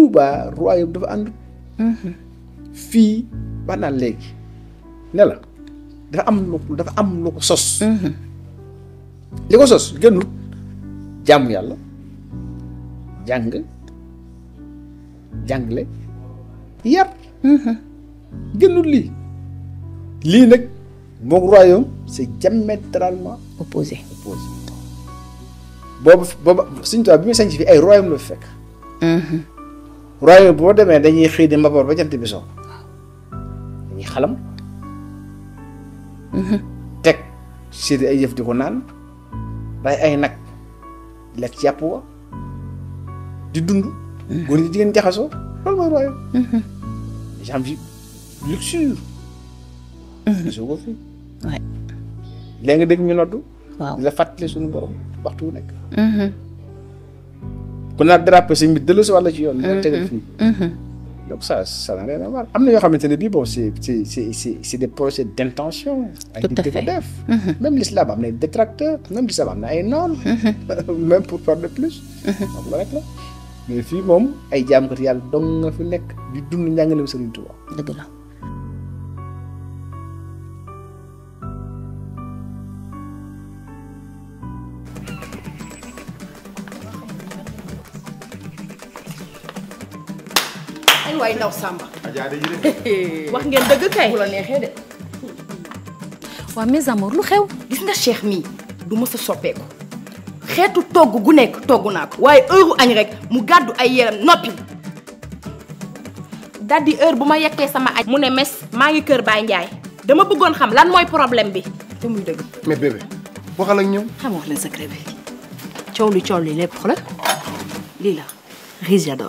Touba royaume dafa and mhm. fii ba naan léegi ne la dafa am lu dafa am lu ko sos. Mhm. li ko sos gënul jàmm yàlla jàng jàngle yar. Mhm. gënul li li nak mok royaume c'est diamétralement opposé opposé boobu boobu suñu toit bi muy ci fi ay royaume la fekk. royaume boo demee dañuy xii di mbaboor ba jant bi so dañuy xalam mhm. teg séddi ay yëf di ko naan day ay nag lekk ci yàpp wa di dund mhm. góor ñi jigéen jaxasoo loolu mooy royaume mhm. j'en vis luxure ko fii léegi nga dégg ñu noddu di la fàttali suñu borom waxtu wu nekk On a drapé donc ça ça n'a rien à voir c'est des projets d'intention. tout à fait euh, euh. même l'islam détracteurs même l'islam am ay euh, même pour faire de plus. mais fii moom ay ont yàlla dong nga fi nekk di dund waay ndaw Samba. wax ngeen dëgg kay. bu mes amours lu xew. gis nga Cheikh mii du mës a soppeeku xeetu togg gu nekk togg naa ko waaye heure añ rek mu gàddu ay yeram noppi. daldi heure bu ma yekkee sama añ. mu ne mes maa ngi kër Baye Ndiaye dama bëggoon xam lan mooy problème bi te muy dëgg. mais bébé waxal ak ñoom. xam wax leen secret bi coow li coow li lépp xoolal lii la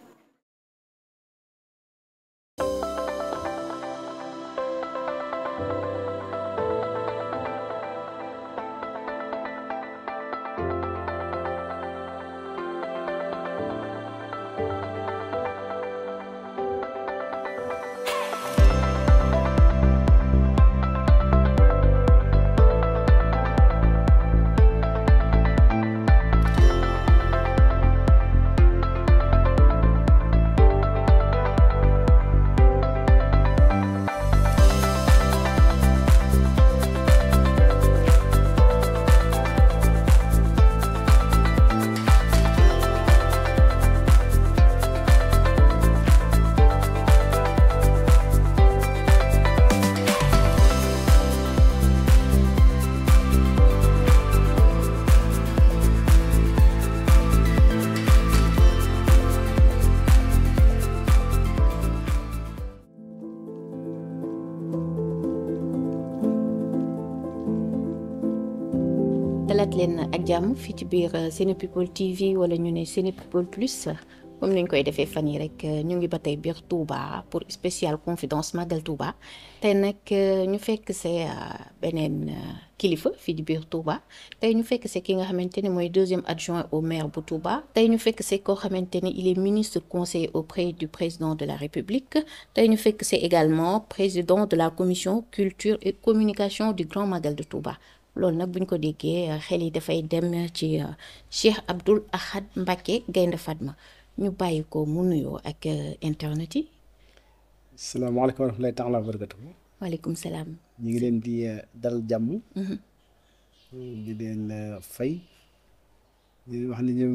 leen ak jàmm fii ci biir euh, Sénépeople TV wala ñu ne Sénépeople Plus comme ni ñu koy defee fan yi rek euh, ñu ngi ba tey biir Touba pour spécial confidence Magal Touba tey nag euh, ñu fekk see beneen kilifa fi ci biir Touba tey ñu fekk see ki nga xamante ne mooy deuxième adjoint au maire bu Touba tey ñu fekk see koo xamante ne il est ministre conseiller auprès du président de la République tey ñu fekk c'est également président de la commission culture et communication du Grand Magal de Touba. loolu nag bu ñu ko déggee xel yi dafay dem ci euh, Cheikh Abdoul Ahad Mbacké Gaynde Fatma ñu bàyyi ko mu nuyoo ak euh, internet yi. salaamaaleykum wa rahmatulaahi taala wa barakaatuhu. waaleykum salaam. ñu ngi leen di euh, dal jàmm. Mm-hmm. di leen fay. di leen wax ne ñëw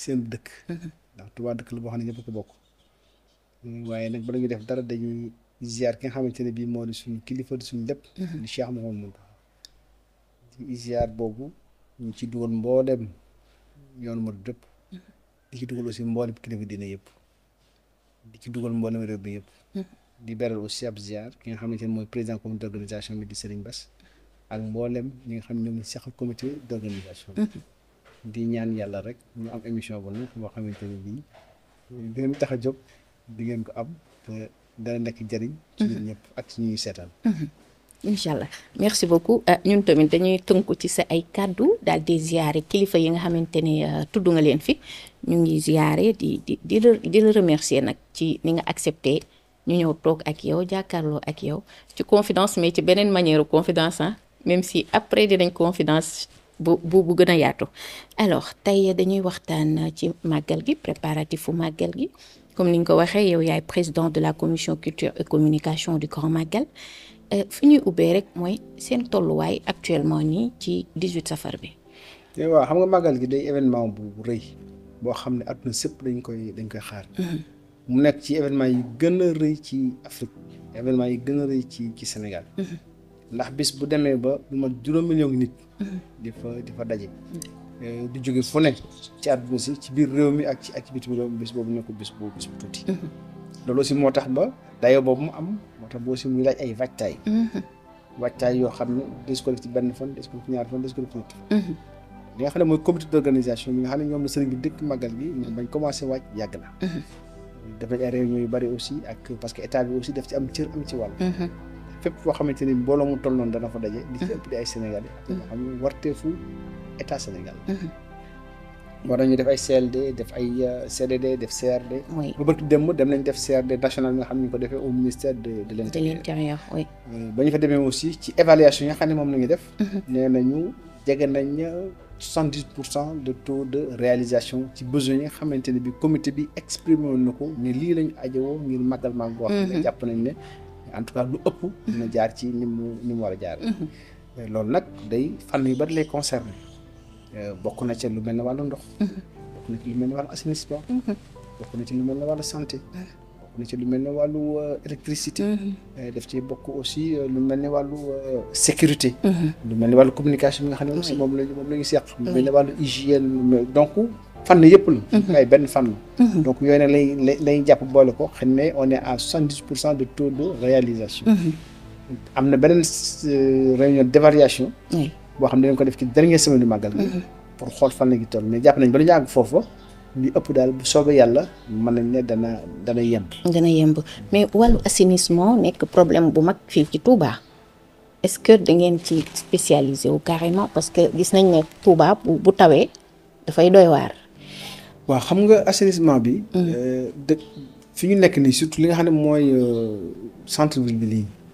seen dëkk. Mm-hmm. ndax Tuubaa dëkk la boo xam ne ñëpp bokk bokk. waaye nag bala ñuy def dara dañuy ziar ki nga xamante ne bii moo di suñu kilifa di suñu lépp. Mm-hmm. di Cheikh Mouhamadou ziar boobu ñu ci dugal mboolem yoon mu dëpp di ci dugal aussi mboolem kilifa diine yëpp di ci dugal mboolem réew bi yëpp di beral aussi ab ziar ki nga xamante ne mooy président comité d' organisation bi di Serigne Bass ak mboolem ñi nga xam ne ñoom ñu seqal comité d' organisation di ñaan yàlla rek am émission bu neex boo xamante ne bii tax a jóg di ngeen ko am te dana jëriñ ci ñun ñëpp ak seetaan Inshallah. merci beaucoup euh, ñun tamit dañuy tënku ci sa ay kàddu dal di ziare kilifa yi nga xamanteni euh, tuddu nga leen fi ñu ngi ziare di di di le remercier nak ci ni nga accepté ñu ñëw tok ak yow jàkkaarloo ak yow ci confidence mais ci benen manière confidence ah même si après dinañ confidence bu bu gëna yaatu. alors tay dañuy waxtaan ci magal gi préparatifu magal gi comme ni nga ko yow yaay président de la commission culture et communication du Grand Magal. Eh, fi ñuy ubbee rek mooy seen tolluwaay actuellement nii ci 18 safar bi. Eh, waaw xam nga magal gi day événement bu rëy boo xam ne àdduna sëpp dañ koy dañ koy xaar. Mhm. mu nekk ci événement yi gën a rëy ci Afrique événement yi gën a rëy ci ci Sénégal. Mhm. ndax bis bu demee ba lu ma juróom million nit. Mhm. di fa di fa daje. Eh, di jóge fu ne ci àdduna si ci biir réew mi ak ci ak ci bitim réew mi bis boobu nekkul bis bu bis bu tuuti. loolu aussi moo tax ba dayoo boobu mu am. moo tax boo si muy laaj ay waajtaay mhm. waajtaay yoo xam ne des ko def ci benn fan des ko def ci ñaar fan des ko def ci ñett fan mhm. li gi bañ commencé waaj yàgg na mhm. def nañ ay réunion yu bari aussi ak parce que état bi aussi daf ci am cër am ci wàll fépp foo xamante ni mbooloo mu toll noonu dana fa daje di ci ëpp di ay sénégalais nga xam ne warteefu état Sénégal moo tax ñu def ay CLD def ay euh, CDD def CRD. oui ba bëgg dem dem nañ def CRD national bi nga xam ne ñu ko defee au ministère de de l'intérieur oui. Euh, ba ñu fa demee aussi ci évaluation yi nga xam ne moom la ñu def. Mhm. nee nañu jege nañ 70 pour cent de taux de réalisation ci besoin yi nga xamante ne bi comité bi exprimé woon na ko ne lii lañu ajowoo ngir màggal maag boo xam mhm. ne jàpp nañ ne en tout cas lu ëpp. dina jaar ci ni mu ni mu war a jaar. Mhm. Euh, loolu nag day fànn yu bari lay concerné. Euh, bokk na ci lu mel ne wàllu ndox. Mhm. bokk na ci lu mel ne wàllu assainissement. Mhm. bokk na ci lu mel ne wàllu santé. bokk na ci lu mel ne wàllu euh, électricité. Mhm. Euh, def ci bokk aussi lu mel ne wàllu sécurité. lu mel ne wàllu communication bi nga xam ne aussi moom la moom la ñu seq. lu mel ne wàllu hygiène donc. fànn yëpp la. waaye benn fànn. donc yooyu nag lay lay lay jàpp boole ko xam ne on est à soixante dix pour cent de taux de réalisation. am na beneen réunion variation bo xam ne dañ ko def ci dernière semaine du magal mhm. pour xol fan la ñu toll mais japp nañ ba ñu àgg foofu li ëpp daal bu soobee yàlla mën nañ ne dana dana yemb dana yemb mais walu assainissement nekk problème bu mag fii ci Touba est-ce que da ngeen ci spécialisé wu carrément parce que gis nañ ne Touba bu bu tawee dafay doy waar waaw xam nga assainissement bi mhm. euh, dë fi ñu nekk nii surtout li nga xam ne mooy euh, centre ville bi lii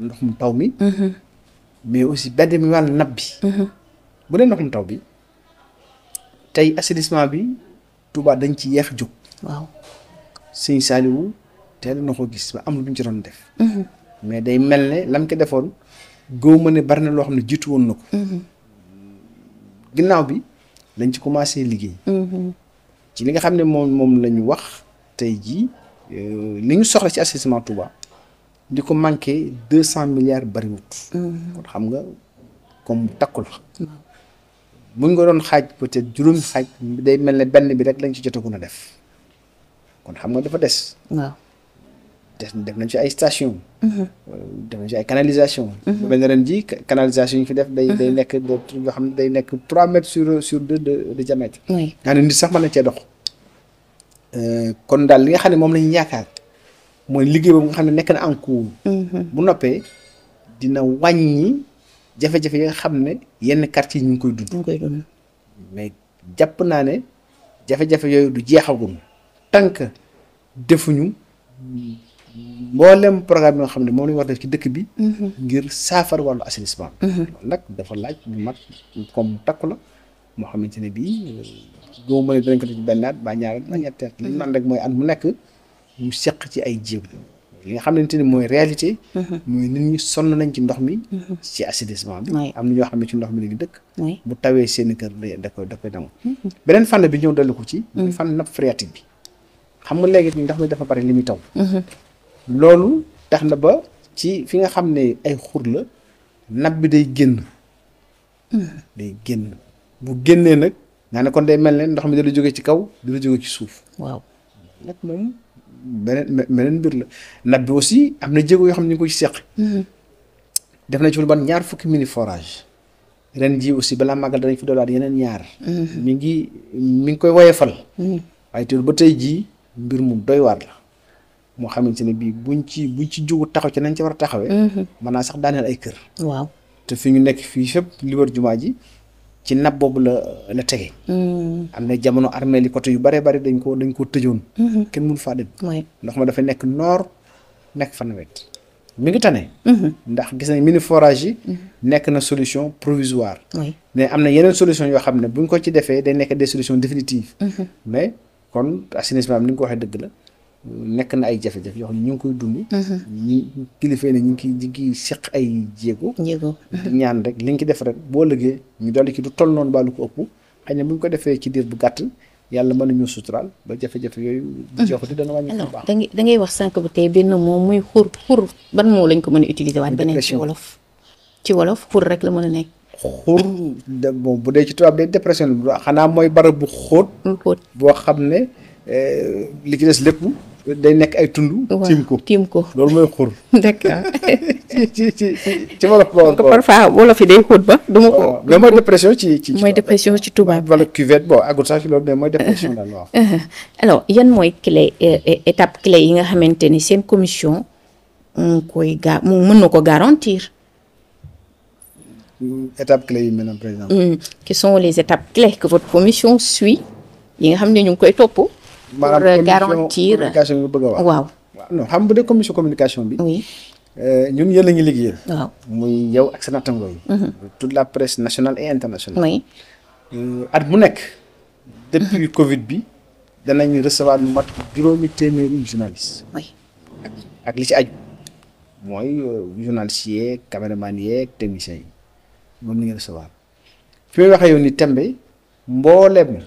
ndoxum taw mi. Mhm. mais aussi benn mi wàll nab bi. Mhm. bu dee ndoxum taw bi tey assainissement bi Touba dañ ci yeex jóg. waaw sëñ Saliou teel na ko gis ba am lu ñu ci doon def. Mhm. mais day mel ne lam ko defoon góob ma ne bari na loo xam ne jiitu woon na ko. ginnaaw bi lañ ci commencé liggéey. ci li nga xam ne moom moom la wax tey jii euh, li ñu soxla ci assainissement Touba. di ko manqué deux cent milliards bariwut mm-hmm. kon xam nga comme takku la buñ ko doon xaaj peut-être juróomi xaaj day mel ne benn bi rek lañ ci jotagun a def kon xam nga dafa des waaw des def nañ ci ay station mm-hmm. def nañ ci ay canalisation benn mm-hmm. ren ji canalisation yi fi def day day nekk yoo xam ne day nekk trois mètres sur sur deux de de diamètre nga ne nit sax mën na cee dox euh, kon daal li nga xam ne moom lañu yaakaar mooy liggéey boobu nga xam ne nekk na en mm-hmm. bu noppee dina wàññi jafe-jafe yi nga xam ne yenn quartier yi ñu ngi koy dund. ñu mais jàpp naa ne jafe-jafe yooyu du jeexagum. tant que defuñu mboolem programme yoo xam ne moom la ñu war ci dëkk bi. Mm-hmm. ngir saafara wàllu assainissement. Mm-hmm. loolu nag dafa laaj lu mat comme takku la moo xamante ne bii euh, doo a dinañ ko def ci benn at mooy at mu nekk. ñu seq ci ay jéego li nga xamante ni mooy réalité. Mhm. mooy nit ñi sonn nañ ci ndox mi. Mhm. ci assainissement bi. am na ñoo xam ne ci ndox mi la ñu dëkk. bu tawee seen i kër da koy da koy nangu. Mhm. beneen fànn bi ñëw dellu ko ci. muy fànn nappe phréatique bi. xam nga léegi ndox mi dafa bari li muy taw. loolu tax na ba ci fi nga xam ne ay xur la nappe bi day génn. day génn bu génnee nag. nga ne kon day mel ne ndox mi dala jóge ci kaw dala jóge ci suuf. waaw nag moom. beneen beneen mbir la napp bi aussi am na jéego yoo xam ne ñu ngi ko ci seq. Mm-hmm. def nañ ci lu ban ñaar fukki mini forage ren ji aussi balaa màggal danañ fi doolaat yeneen ñaar. Mm-hmm. mi ngi mi ngi koy woyefal. Mm-hmm. waaye te ba tey jii mbir mu doy waar la moo xamante ne bii buñ ci buñ ci jógu taxaw ci nañ ci war a taxawee. mën naa sax daaneel ay kër. te fi ñu nekk fii fépp li jumaa ji. ci nab boobu la la tege. Hmm. am na jamono armée li côté yu bare bari dañ koo dañ ko tëjoon. Hmm. kenn mënu faa dem. ndox ma dafa nekk noor nekk fan wet mi ngi ne hmm. ndax gis nañ mini forage yi. nekk na solution provisoire. mais am na yeneen solution yoo xam ne bu buñ ko ci defee day nekk des solutions définitives. mais kon assainissement bi ñu ko waxee dëgg la. nekk na ay jafe-jafe yoo xam ñu ngi koy dund. Mhm. ñi kilifa ne ñu ngi ñu ngi seq ay jéego. ñaan rek li ñu ci def rek boo lëgee ñu dolli ki du toll noonu baalu ko ëpp ko defee ci diir bu gàtt yàlla mën nañu suturaal ba jafe-jafe yooyu. bu jox di dana wàññi bu baax. da ngay ngay wax sànq ba tey benn moom muy xur xur ban moo lañ ko mën a utiliser waat beneen ci wolof. a nekk. xur de bon bu dee ci tubaab de dépression xanaa mooy barab bu xóot. boo xam ne. l'église eh, l'époux des day nek ay d'accord ci ci ci ci parfois day cuvette bon uh-huh. alors clé euh, étape clé yi nga commission koy ga garantir. Mm, mm, sont les étapes clés que votre commission suit yi nga maanaam garantir communication bi bëgg a wax waaw. non xam bu dee commission communication bi. oui euh, ñun yéen la ñuy liggéeyal. muy yow ak sa nattangoo yi. Mhm. la presse national et internationale. Euh, at bu nekk. depuis mhm. Covid bi danañ recevoir lu mat juróomi téeméeri journaliste. oui ak ak li ci aju mooy euh, journaliste yeeg caméraman yeeg technicien yi moom la recevoir fi may waxee yow ni tembe mbooleem.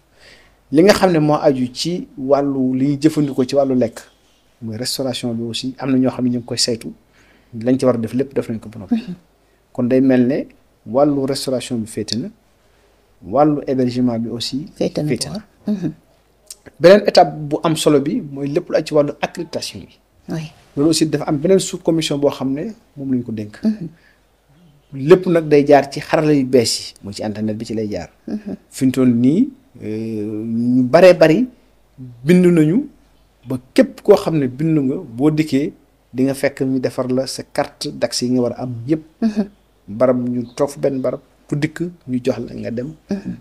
li nga xam ne moo aju ci wàllu li ñuy jëfandikoo ci wàllu lekk muy restauration bi aussi am na ñoo xam ne ñu ngi koy saytu lañ ci war a def lépp def nañ ko ba noppi mhm. kon day mel ne wàllu restauration bi féete na wàllu hébergement bi aussi. féete na féete mhm. beneen étape bu am solo bi mooy lépp lu aj ci wàllu accréditation bi. oui loolu aussi dafa am beneen sous commission boo xam ne moom lañ ko dénk. Mhm. lépp nag day jaar ci xarala yu bees yi. mooy ci internet bi ci lay jaar. fi mu nii. ñu baree bari bind nañu ba képp koo xam ne bind nga boo dikkee di nga fekk ñu defar la sa carte d'accès yi nga war a am yëpp. Mhm. barab ñu toog fu benn barab ku dikk ñu jox la nga dem. Mhm.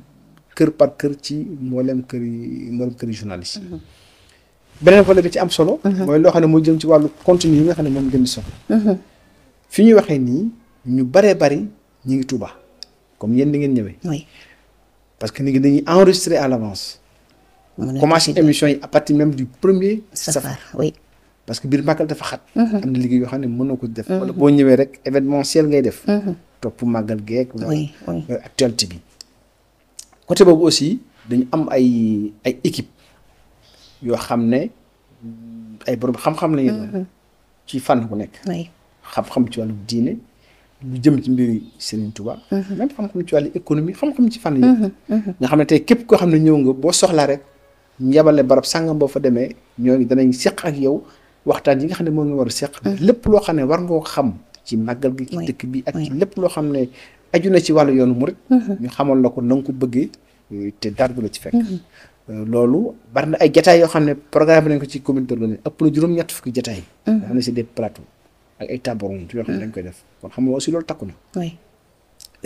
kër par kër ci mboolem kër yi mboolem kër yi journaliste mhm. beneen volet bi ci am solo. mooy loo xam ne moo jëm ci wàllu contenu yi nga xam ne moom ngeen di soxla. fi ñuy waxee nii ñu baree bari ñu ngi Touba comme yéen di ngeen ñëwee. parce que nit ñi dañuy enregistré à l'avance commence émission yi à partir même du premier safar oui parce que bir makal dafa xat mhm. am na yo yoo mëno ko def wala mhm. bo ñëwé rek événementiel ngay def mhm. topp màggal geek euh, actualité bi côté boobu aussi dañu am ay ay équipe yo xam ay borom xam-xam la ci fan ku nekk xam-xam ci walu diine lu jëm ci mbiri Serigne Touba. Mhm. même xam-xam ci wàllu économie xam-xam ci fan yi. Mhm, mhm. nga xam ne tey képp koo xam ne ñëw nga boo soxlaa rek ñu yabale barab sàngam boo fa demee ñoo ngi danañ seq ak yow waxtaan yi nga xam ne moo ngi war a seq. lépp loo xam ne war ngoo xam. ci màggal gi ci dëkk bi ak lépp loo xam ne aju na ci wàllu yoonu murit. ñu xamoon la ko na nga ko bëggee euh, te dara du la ci fekk. Euh, loolu bari na ay jataay yoo xam ne programme nañ ko ci commune de Louga ëpp na juróom-ñett fukki jataay. yoo xam ne c'est des plateaux. ak ay taabaroon yoo xam ne hmm. dañ koy def kon xam nga aussi loolu takku na. oui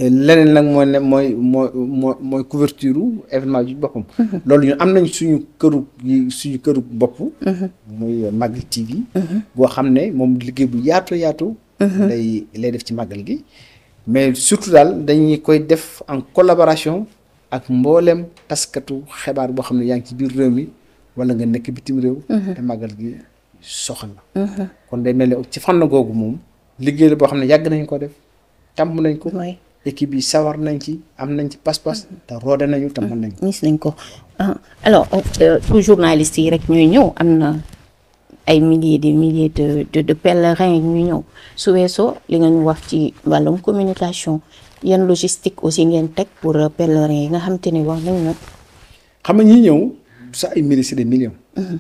euh, leneen nag mooy ne mooy mooy mooy mooy couverture événement ji boppam. Hmm. loolu ñun am nañ suñu këru suñu këru bopp. Hmm. muy Magal TV. boo xam ne moom liggéey bu yaatu yaatu. lay lay def ci Magal gi. mais surtout daal dañuy koy def en collaboration ak mboolem taskatu xibaar boo xam ne yaa ngi ci biir réew mi wala nga nekk bitim réew. te Magal gi. soxna. kon day mel ne ci fànn googu moom liggéey la boo xam ne yàgg nañ ko def tàmm nañ ko. équipe yi sawar nañ ci am nañ ci pas-pas mm-hmm. te roode nañu te mën nañ mm-hmm. ko. gis nañ ko alors pour euh, euh, journalistes yi rek ñooy ñëw am na ay milliers de milliers de de de pèlerins ñuy ñëw su weesoo li nga ñu wax ci wàllum communication yan logistique aussi ngeen teg pour euh, pèlerins yi nga xam te ne wax nañ nag. xam nga ñi ñëw sa ay mérite des million mm-hmm.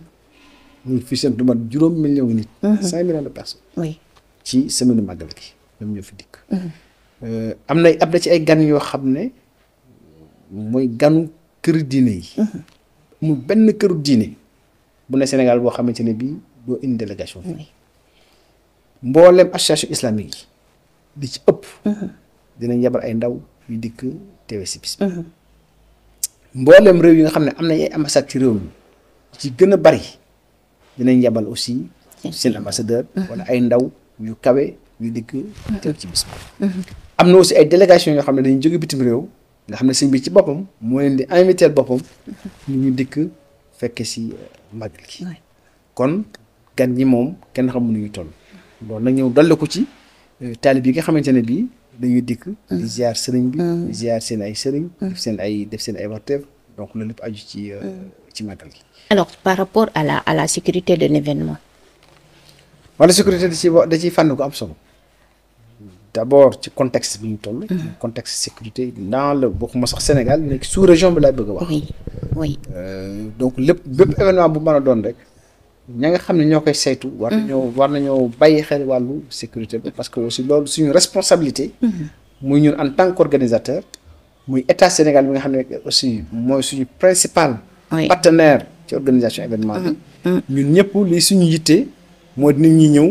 ñun fii seen du mat juróom million nit. Mhm. cinq millions de ci semaine màggal gi ñoom fi dikk. Mhm. Euh, na am ay gan yoo xam ne mooy ganu këru diine mhm. benn këru diine bu ne Sénégal boo xamante ne bii doo indi délégation. mboolem association islamique yi di ci ëpp. dinañ yabal ay ndaw yu dikk teewe si bis. réew yi nga xam ne am na ay ambassade ci réew mi ci gën a bari. dinañ yebal aussi seen ambassadeur wala ay ndaw ñu kawe yu dikk teew ci bis mhm. am na aussi ay délégation yoo xam ne dañuy jóge bitim réew nga xam ne sëñ bi ci boppam moo leen di invité boppam ñu mhm. ñu dikk fekke si euh, magal gi kon gan ñi moom kenn xamul nu ñu toll loolu nag ñëw dolli ko ci euh, taalib yi nga xamante ne bii dañuy dikk di mhm. ziar sëriñ bi di ziar ay sëriñ def seen ay def seen ay warteef donc loolu lépp aju ci euh, alors par rapport à la sécurité de l'événement. La sécurité de ces fans nous d'abord ci contexte de mm-hmm. contexte sécurité dans le Sénégal une sous région de la bëgg oui euh, donc le, événement bu mën a nous rek. ña nga xam ne mm-hmm. sécurité parce que c'est une responsabilité. Mm-hmm. en tant qu'organisateur. l'état état Sénégal bi aussi le principal oui. partenaire ci organisation événement bi. Mm-hmm. Mm-hmm. ñun ñëpp li suñu yittee moo di nit ñi ñëw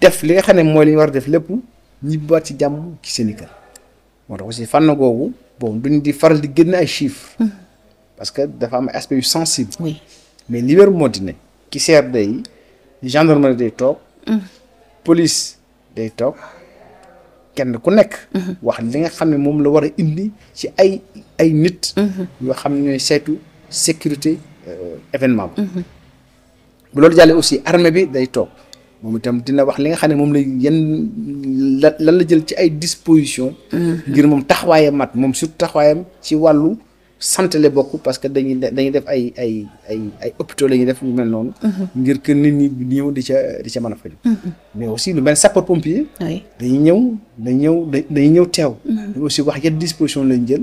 def li nga xam ne mooy li ñu war def lépp ñibbaat ci jàmm ci seen i kër. moo tax aussi fànn googu bon duñ di faral di génne ay chiffres. Mm-hmm. parce que dafa am aspect yu sensible. oui mais li wér moo di ne. ci CRD yi gendarmerie day toog. police day toog kenn ku nekk. wax li nga xam ne moom la war a indi ci ay ay nit. yoo xam ne ñooy saytu. sécurité euh, événement bi. Mhm. loolu jàllee aussi armée bi day toog moom itam dina wax li nga xam ne moom la yenn la lan la jël ci ay disposition mhm. ngir moom taxawaayam mat moom surtout taxawaayam ci wàllu santé bokk parce que dañu dañuy def ay ay ay ay hôpitaux la ñuy def lu mel noonu. Mhm. ngir que nit ñi ñëw di ca di ca mën a faju mais aussi lu mel sapeur pompier. dañuy ñëw dañuy ñëw ñëw teew. aussi wax yan disposition lañ jël.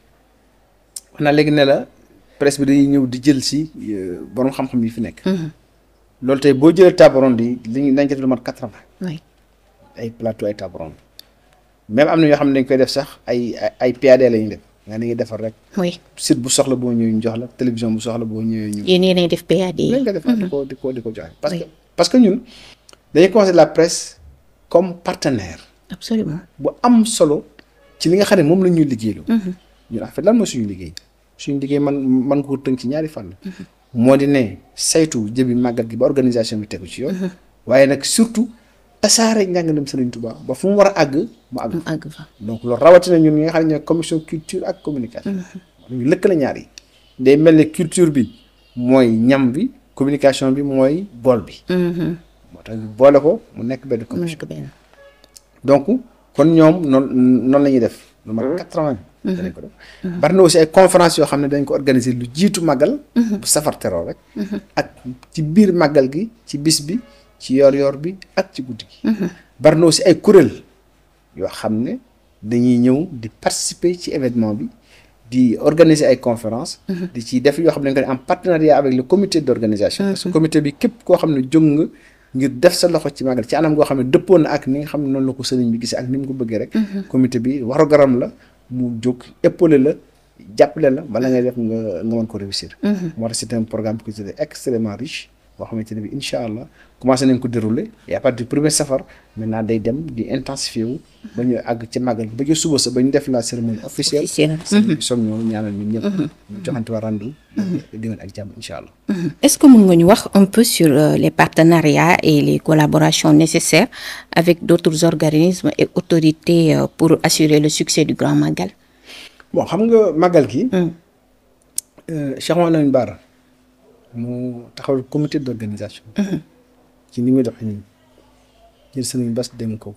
naa léegi ne la presse bi dañuy ñëw di jël si euh, borom xam-xam yi fi nekk. Mhm. loolu tey boo jëlee table ronde yi li ñu def lu mat quatre vingt. ay plateau ay table ronde même am na ñoo xam ne dañ koy def sax ay ay PAD la ñuy def. nga ni defar rek. oui site bu soxla boo ñëwee ñu jox la télévision bu soxla boo ñëwee ñu. yéen yéenay def PAD yi. yéen nga def mhm. di ko di ko di ko joxe. parce que parce que ñun dañuy la presse comme partenaire. absolument bu am solo ci li nga xam ne moom la ñuy liggéeyaloo. Mhm. ñun en fait lan mooy suñu liggéey. suñu liggéey man man ko tënk ci ñaari fànn. moo di ne saytu jëbi màggal gi ba organisation bi tegu ci yoon. waaye nag surtout tasaare sa Sëriñ Tuubaa ba fu mu war a àgg mu àgg fa. donc loolu rawatina ñun ñi nga xam ne ñooy commission culture ak communication. Mm-hmm. ñu lëkkale ñaar yi. day mel ne culture bi mooy ñam bi communication bi mooy bool bi. Mm-hmm. moo tax boole ko mu nekk benn commission. donc kon ñoom noonu noonu la ñuy def. lu mat mm-hmm. quatre-vingts Mm-hmm. danañ ko def bari na aussi ay conférence yoo xam ne dañ ko organiser lu jiitu màggal mm-hmm. bu safar teroo rek mm-hmm. ak ci biir màggal gi ci bis bi ci yoor yoor bi ak ci guddi gi bari na aussi ay kuréel yoo xam ne dañuy ñëw di participer ci événement bi di organiser ay conférences. di ci def yoo xam ne dañ ko en partenariat avec le comité d'organisation parce que comité bi képp koo xam ne jóg nga ngir def sa loxo ci màggal ci anam goo xam ne dëppoon na ak ni nga xam ne noonu la ko sëriñ bi gisee ak ni mu ko bëggee rek comité bi warugaram la mu jóg épaulé la jàppale la bala ngay def nga nga mën ko réussir. Mhm. moo tax c'est programme qui est extrêmement riche. boo xamante ne bi incha allah commencé nañ ko dérouler et à partir du premier safar maintenant day dem di intensifier wu ba ñu àgg ci màggal ba ci suba sa ba ñu def la cérémonie officielle mhm. som ñoo ñaanal ñun ñëpp mhm. ñu joxante waa rendu mhm. déwén ak jàmm incha allah est-ce que mën nga ñu wax un peu sur euh, les partenariats et les collaborations nécessaires avec d'autres organismes et autorités euh, pour assurer le succès du grand Magal bon xam nga màggal gi euh, Cheikh Mouhamed Lamine Bara mu taxawal comité d' organisation. ci ni muy doxee nii jël sëriñ Bass dem ko.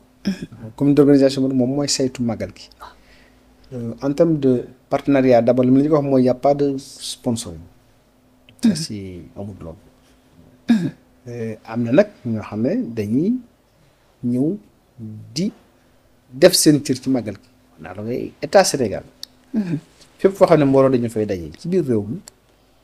comité d' organisation bi moom mooy saytu màggal gi. Euh, en terme de partenariat d' abord li ñu ko mooy y' a pas de sponsoring. Euh, na nag ñoo xam ne dañuy ñëw di def seen cër ci màggal gi. naa la ngay état Sénégal. fépp foo xam ne mbooloo dañu fay daje ci biir réew mi.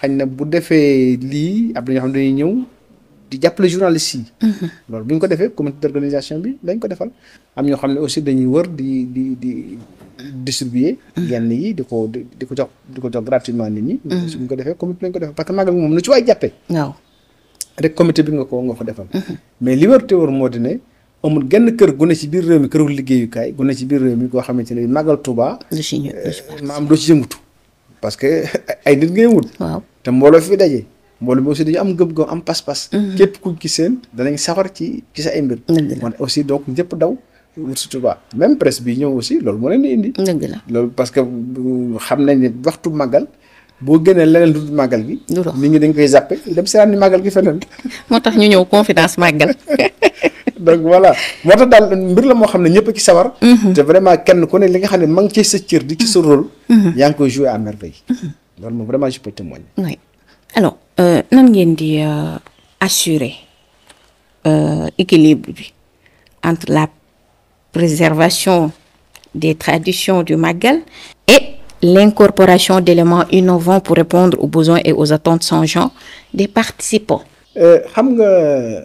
xañ na bu defee li am na dañuy ñëw di jàppale journalistes yi. Mhm. lool buñ ñu ko defee comité d'organisation bi dañ ko défal am ñoo xamné aussi dañuy wër di di di distribuer. Mhm. yenn yi di ko di ko jox di ko jox gratuitement nit ñi. buñ mhm. ko défé comité lañ ko défé parce que magal mom lu ci way jappé waaw rek comité bi nga ko nga ko défal mais liberté wër te wër amul genn kër gu ne ci biir réew mi këru liggéeyukaay gu ne ci biir réew mi koo xamante ne magal Touba. lu ci euh, maam do ci yëngatu. parce que ay nit ngay wut. te mbooloo fi daje. mbooloo bi aussi dañu am gëm gëm am pas-pas. Mhm. képp kuñ ci seen danañ saxar ci ci sa ay mbir. kon aussi donc jëpp daw. wut si Tuuba même presse bi ñëw aussi loolu moo leen di indi. dëgg la loolu parce que euh, xam nañ ne waxtu màggal. boo génnee leneen lu dul màggal gi. du nit ñi dañ koy zappé dem seetaan ni màggal gi feneen. moo tax ñu ñëw confidence màggal. donc voilà moo tax daal mbir la moo xam ne ñëpp ci mhm. te vraiment kenn ku ne li nga xam ne ngi ci sa di ci sa mhm. rôle. Mhm. yaa ngi koy jouer à merveille. loolu vraiment je peux témoigner. oui alors euh, nan ngeen di euh, assurer euh, équilibre bi entre la préservation des traditions du Magal et l'incorporation d'éléments innovants pour répondre aux besoins et aux attentes sans des participants. xam nga.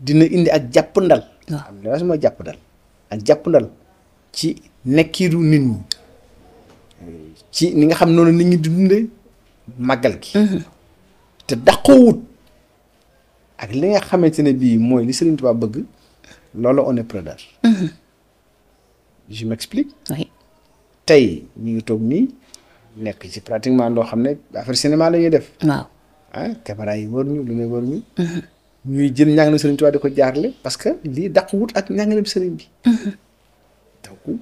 dina indi ak jàpp ndal am na su ma jàpp ndal ak jàpp ndal ci nekkiru nit ñi ci ni nga xam noonu ni ñi di dunde màggal gi mhm. te daqoowut ak li nga xamante ne bii mooy li Serigne Touba bëgg loolu on est preneur mhm. tey ñu ngi toog nii nekk ci pratiquement loo xam ne affaire cinéma la ñuy def waaw ah caméra yi wër ñu lu ne wër ñu mhm. ñuy jël ñang na serigne di ko jaarle parce que li daq wut ak na serigne bi mm-hmm. donc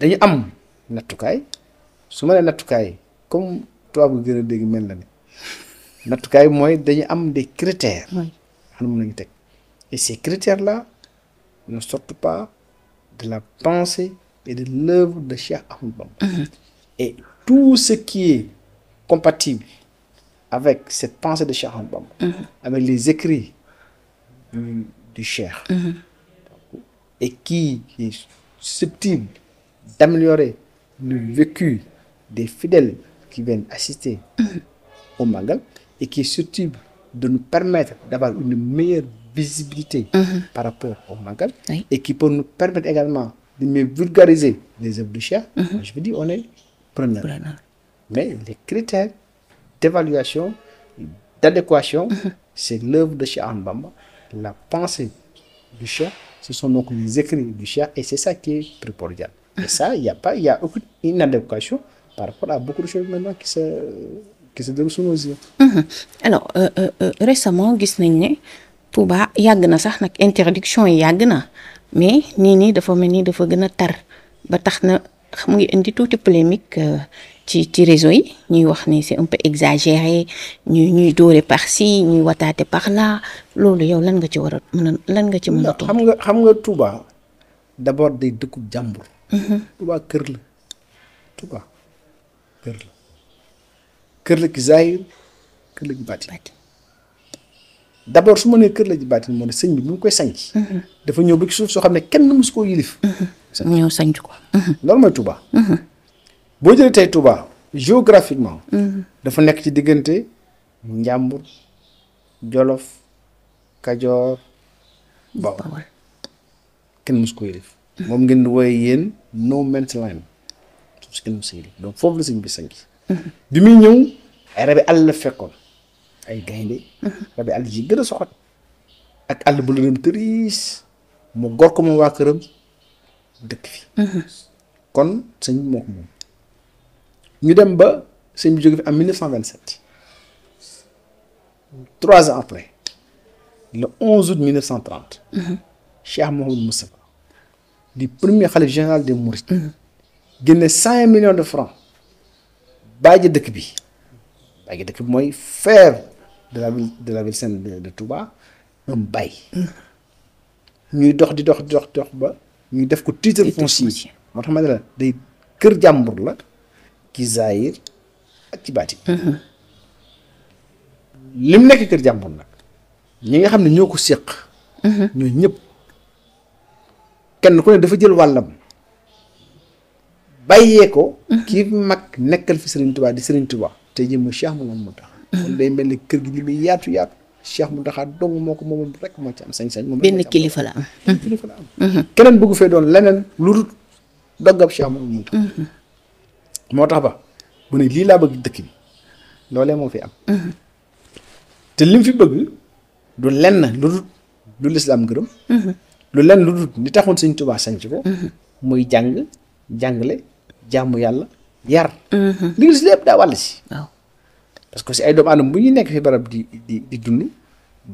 dañu am natukay suma le natukay comme tubaab bu gën dégg mel la ni natukay moy dañu am des critères xam ne moom lañu et ces critères là ne sortent pas de la pensée et de l'œuvre de Cheikh Ahmadou Bamba mm-hmm. et tout ce qui est compatible avec cette pensée de Cheikh Ahmadou Bamba mm-hmm. avec les écrits du cher mhm. et qui est susceptible d'améliorer le vécu des fidèles qui viennent assister mhm. au Mangal et qui est susceptible de nous permettre d'avoir une meilleure visibilité mhm. par rapport au Mangal et qui peut nous permettre également de mieux vulgariser les œuvres du chair, Je veux dire, on est preneur. Mais les critères d'évaluation, d'adéquation, c'est l'œuvre de en Bamba la pensée du chef, ce sont donc les écrits du chef, et c'est ça qui est primordial. Et ça, il n'y a pas, il y a aucune inadéquation par rapport à beaucoup de choses maintenant qui se, qui se déroulent sous nos yeux. Mmh. Alors, euh, euh, euh, récemment, gis nañ Touba yàgg na sax une interdiction yi yàgg interdiction mais ni ni dafa mel ni dafa y a tar ba tax na indi polémique. Euh, ci ci réseau yi ñuy wax ni c'est un peu exagéré ñuy ñuy dóore par ci ñuy wataate par là loolu yow lan nga ci war a mën a lan nga ci mën a xam nga xam nga Touba d'abord day dëkku jàmbur. Mhm. Touba kër la Touba kër la kër la ki zaahir kër la ki baatin d'abord su ma nee kër la ji baatin moo ne sëñ bi bu ñu koy sanc mhm. dafa ñëw ba ci suuf soo xam ne kenn mësu koo yilif mhm. ñëw sanc ko loolu mooy Touba boo jëlee tey Touba géographiquement. dafa nekk ci diggante Njàmbur Jolof Kajoor Bawol kenn mës ko yëlif moom ngeen di wooye yéen no man's land si kenn mës yëlif donc foofu la sëñ bi sanc bi muy ñëw ay rabi àll la fekkoon ay gaynde rabi àll ji gën a soxot ak àll bu lëndëm tëriis mu gor ko moom waa këram dëkk fi mhm. kon sëñ moo ko moom Nous sommes en 1927 trois ans après le 11 août 1930. Mhm. Cheikh Mohamed Moussa, le premier Khalif général des a gagné 5 millions de francs baaje de de faire de la ville de la ville de, de Touba un bail. Mhm. ñuy dox di dox dox def titre ci zaahir ak ci baatin uh-huh. lim nekk kër jàmbur nag ñi nga xam ne ñoo ko séq uh-huh. ñoo ñëpp kenn ku ne dafa jël wàllam bàyyee ko uh-huh. kii mag nekkal fi Serigne Touba di Serigne Touba te ji mu Cheikh Mouhamadou Mountakha kon day mel ni kër gi li muy yaatu yaatu Cheikh Mountakha dong moo ko moom rek moo ci am sañ-sañ moom benn kilifa la am keneen bëggu fee doon leneen lu dul doggab Cheikh Mouhamadou Mountakha moo tax ba bu ne lii laa bëgg dëkk bi loolee moo fi am. te lim fi bëgg du lenn lu dul lu lislaam gërëm. lu lenn lu dul li taxoon Sëñ Tuubaa sanc ko. muy jàng jàngale jaamu yàlla yar. li nga gis lépp daa wàll si. parce que si ay doomu aadama bu ñuy nekk fi barab di di di dund.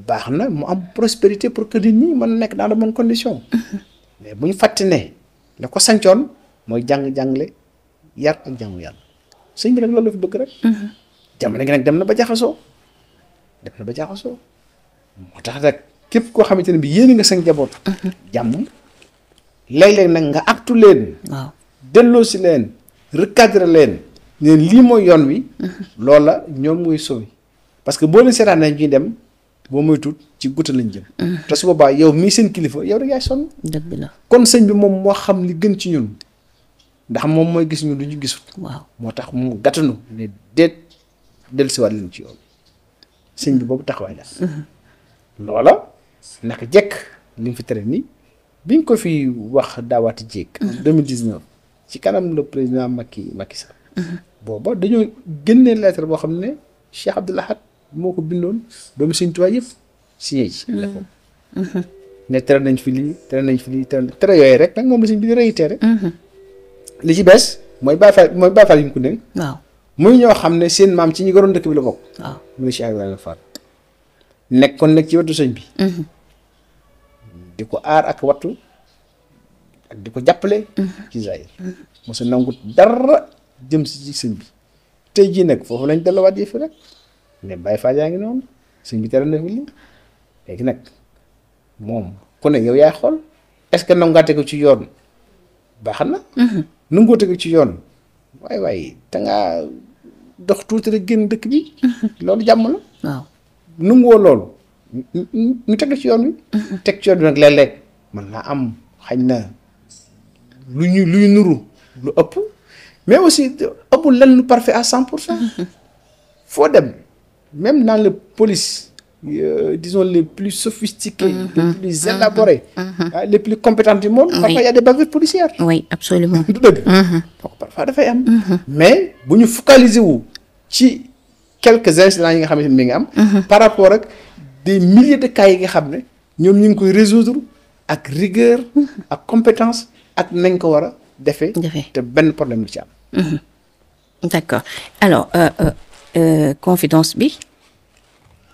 baax na mu am prospérité pour que nit ñi mën nekk daa de bonnes conditions. Mhm. mais bu ñu fàtte ne la ko sancoon mooy jàng jàngale. yar ak jamu yalla señ bi nag lolu fi bëgg rek. Mm-hmm. jam mm-hmm. rek mm-hmm. nak dem na ba jaxaso dem na ba jaxaso motax rek kep ko xamanteni bi yene nga sa jabot jam lay lay nak nga aktu len delo ci len leen len ne li mooy yoon wi. lola ñom mooy sooy parce que le sétan nañ ci dem. moy moytuwul ci guddi lañ jëm. te su boobaa yow mi seen kilifa yow rek yaay sonn. la kon sëñ bi mom mo xam li gën ci ñun. ndax moom mooy gis ñu lu ñu gisut waaw moo tax mu gàttanu ne déet dellusiwaat leen ci yoon sëñ bi boobu taxawaay la mm-hmm. loola naka jëkk li mu fi tere ni bi ñu ko fi wax daawaati jéeg 2019 mm-hmm. ci kanam le président Macky Macky Sall mm-hmm. booba dañoo génnee lettre boo xam ne Cheikh Abdoul Ahad moo ko bindoon doomu sëñ Tuubaa yëpp signé ji la ko ne tere nañ fi lii tere nañ fi lii tere tere yooyu rek nag moom la sëñ bi di réitéré li ci bees mooy Baay Faal mooy Baay Faal yu ñu ko dénk. waaw muy ñoo xam ne seen maam ci ñi gënoon dëkk bi la bokk. waaw mu ne Cheikh Ibrahima ci wetu sëñ bi. Mhm. di ko aar ak wattu ak di ko jàppale. Mhm. ci Zahir mosu nangu dara jëm si bi tey jii nag foofu lañ delluwaat yëf rek mais Baay Faal yaa ngi noonu sëñ bi tere na fi lii léegi nag moom ku ne yow yaay xool est-ce que nangaate ko ci yoon baax na. Mhm. nangu ko teg ci yoon waay waay te ngaa dox tuuti rek génn dëkk bi loolu jàmm la. waaw loolu ñu teg ci yoon wi. teg ci yoon bi nag léeg lekk mën naa am xañ na lu ñu luy nuru lu ëpp mais aussi ëppul lenn lu parfait à cent pour cent foo dem même dans la police. Euh, disons, les plus sophistiqués mm-hmm. les plus mm-hmm. élaborés mm-hmm. Hein, les plus compétents du monde, parfois il y a des bavures policières. Oui, absolument. parfois mais si nous focalisons sur quelques incidents par rapport à des milliers de cas yi nga résoudre Avec rigueur Avec compétence Avec nañ ko war a defee. problème D'accord alors euh, euh, euh confidence B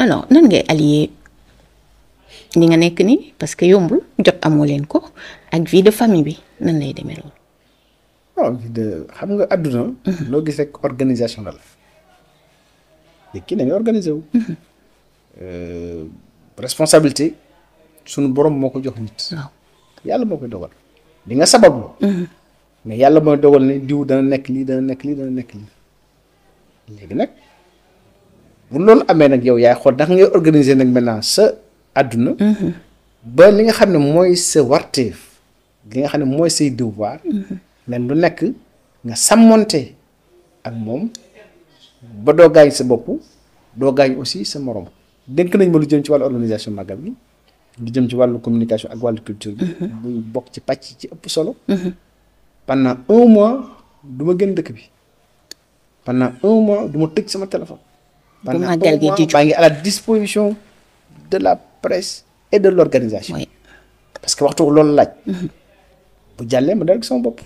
alors nan ngay allier ni nga nekk ni parce que yombul jot amoo leen ko ak vie de famille bi nan lay demee loolu. waaw de xam nga àdduna. Mhm. loo gis rek organisation la la. léegi kii dañuy organiser wu. Mhm. Euh, responsabilité sunu borom moo ko jox yàlla moo koy dogal. di nga sabablu. Mhm. yàlla mooy dogal diw dana nekk lii dana nekk lii dana nekk lii bu loolu amee nag yow yaay xol ndax ngay organiser nak maintenant sa aduna mhm. ba li nga xamné moy mooy sa warteef li nga xamné moy mooy devoir mhm. même lu nek nga samonté ak mom ba do gañ sa bop do gañ aussi sa morom denk nañ ma lu jëm ci wal organisation magam bi di jëm ci wàllu communication ak wàllu culture bi mhm. muy bok ci patch ci ëpp solo pendant un mois duma gën dëkk bi pendant un mois duma ma tëj sama téléphone Pendant à la disposition de la presse et de l'organisation. parce que waxtu loolu laaj. Mhm. bu jàllee ma dal sama mhm.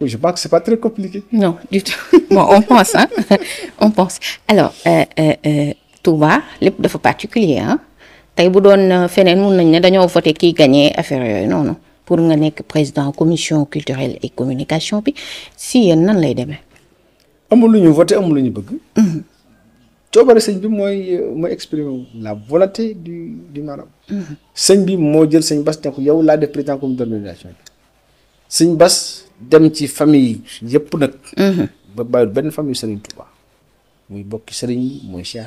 oui je pense que c'est pas très compliqué. non du tout bon on pense hein on pense alors tout euh, euh, euh, Touba lépp dafa particulier hein? tay bu doon euh, feneen mun nañ ne dañoo voté kii gagné affaire Non, non. pour nga nekk président commission culturelle et communication bi si yéen nan lay demee. amul lu ñu voté amul lu ñu bëgg. Mhm coobare seigne bi moy exprimer la volonté du du marabout. seigne bi mo jël seigne Bass ne yow la def président comme d'organisation seigne Bass dem ci famille yépp nak ba famille seigne Touba muy bokki Une moy Cheikh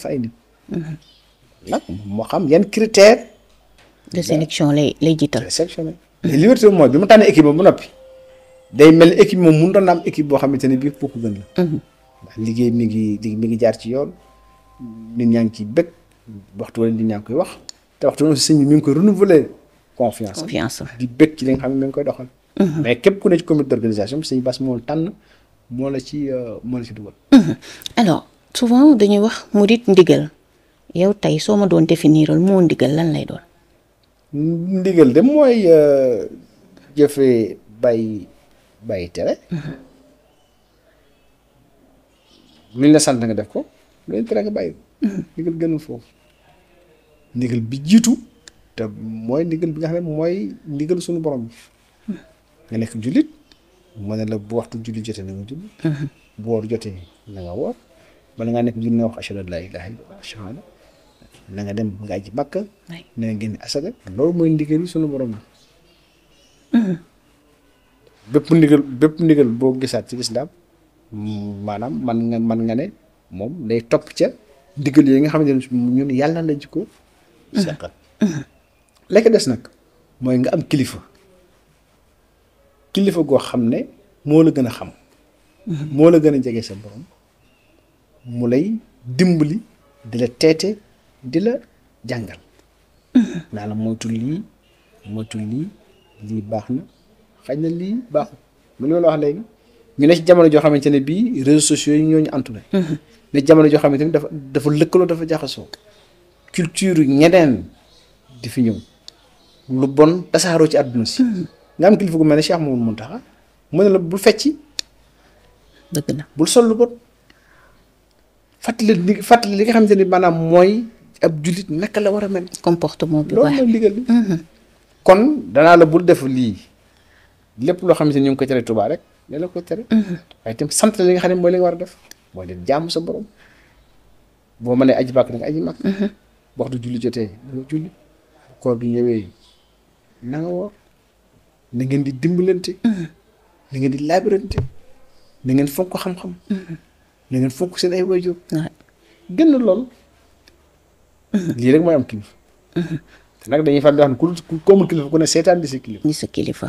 fa ay nit. xam critère. de sélection lay sélection équipe day mel équipe moom mun doon am équipe bo xamanteni bi bii gën la. Mhm. ndax liggéey mi ngi liggéey mi ngi jaar ci yoon nit ñaa ngi ciy bëgg waxtu wala nit ñaa ngi koy wax te waxtu wala sëñ bi mi ngi koy renouveler confiance. confiance di bëgg ci li nga xam ne mi ngi koy doxal. Mhm. mais képp ku ne ci comité d' organisation sëñ Bass moo tànn moo la ci euh, moo la ci dugal. Mhm. alors souvent dañuy wax murit ndigal yow tey soo ma doon définiral moo ndigal lan lay doon. ndigal de mooy euh, jëfee bàyyi bàyyi tere luñ la sant nga def ko luñ tere nga bàyyi ndigal gënul foofu ndigal bi jiitu ta mooy ndigal bi nga xam ne mooy ndigal suñu borom bi nga nekk jullit mu ne la bu waxtu julli jotee na nga julli bu woor jotee nga woor bala ngaa nekk julli nga wax ashhadu an laa ilaaha ashhadu na nga dem nga aji Makka na nga génn asaka loolu mooy ndigal suñu borom bépp ndigal bépp ndigal boo gisaat ci lislaam maanaam man nga man nga ne moom day topp ca ndigal yi nga xamante ne ñun yàlla la jikko seqal lekk des nag mooy nga am kilifa kilifa goo xam ne moo la gën a xam moo la gën a jege sa borom mu lay dimbali di la teete di la jàngal naa la moytu lii moytu lii lii baax na xëy na lii baaxul mu loolu wax léegi ñu ne ci jamono joo xamante ne bii réseaux sociaux yi ñoo ñu entouré ne jamono joo xamante ne dafa dafa lëkkaloo dafa jaxasoo culture ñeneen di fi ñëw lu bon tasaaroo ci àdduna si nga am kilifa gu mel ne mu ne la bul fecci dëgg la sol lu bon fàttali li li nga xamante ne maanaam mooy ab jullit naka la war a mel comportement loolu mooy ndigal li kon danaa la bul def lii lepp lo xamni ñu ko téré tuba rek né la ko téré mm-hmm. ay itam sant li nga xamni ne li nga wara def mooy leen jamm sa borom bo mané aji bak nga aji màkk. Mm-hmm. waxtu julli jotee na nga julli ko bi ñëwee na nga woor na ngeen di dimbulenté mm-hmm. na ngeen di laabirante na ngeen fokk xam-xam. na ngeen fokk seen ay wajju gën lool. li rek mooy am kilifa. te nag dañuy fa di wax ne ku ku amul kilifa ko ne seetaan di sa kilifa. di sa kilifa.